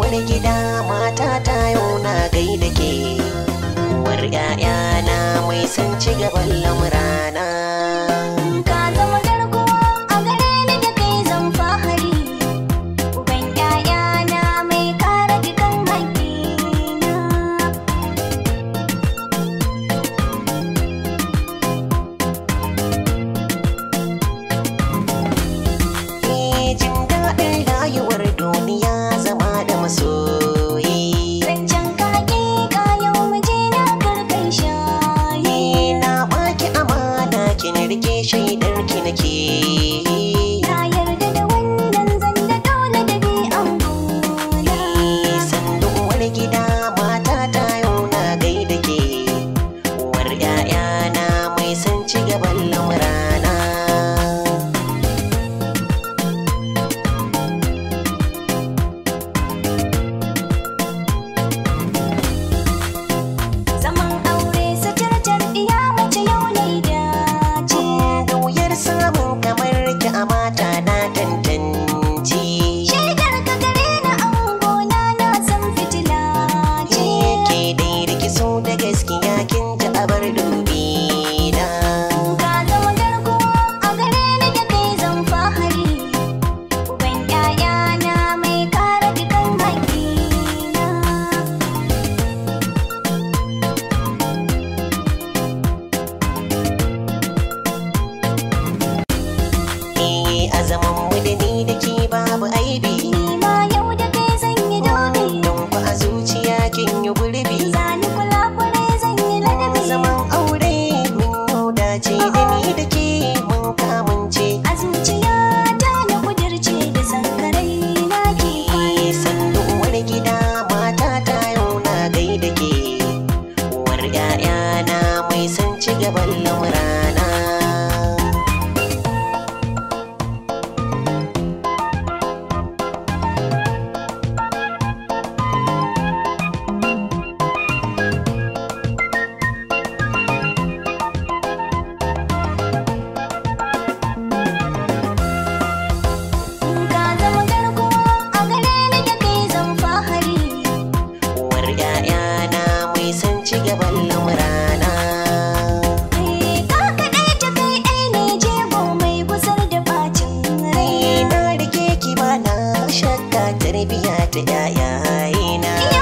wani gida mata ta yau na gaida ke uwar 'ya'yana mai san ci gaban lamu sarki shaidar ki nake mata na zani kula kwarai zan yi ladabi zaman aure mun dace da ni da ke mun kamance a zuciya ta na da sankarai na ke sannu wani gida matata ta yau na gai da ke uwar 'ya'yana mai san ci gaban lamurana Yeah.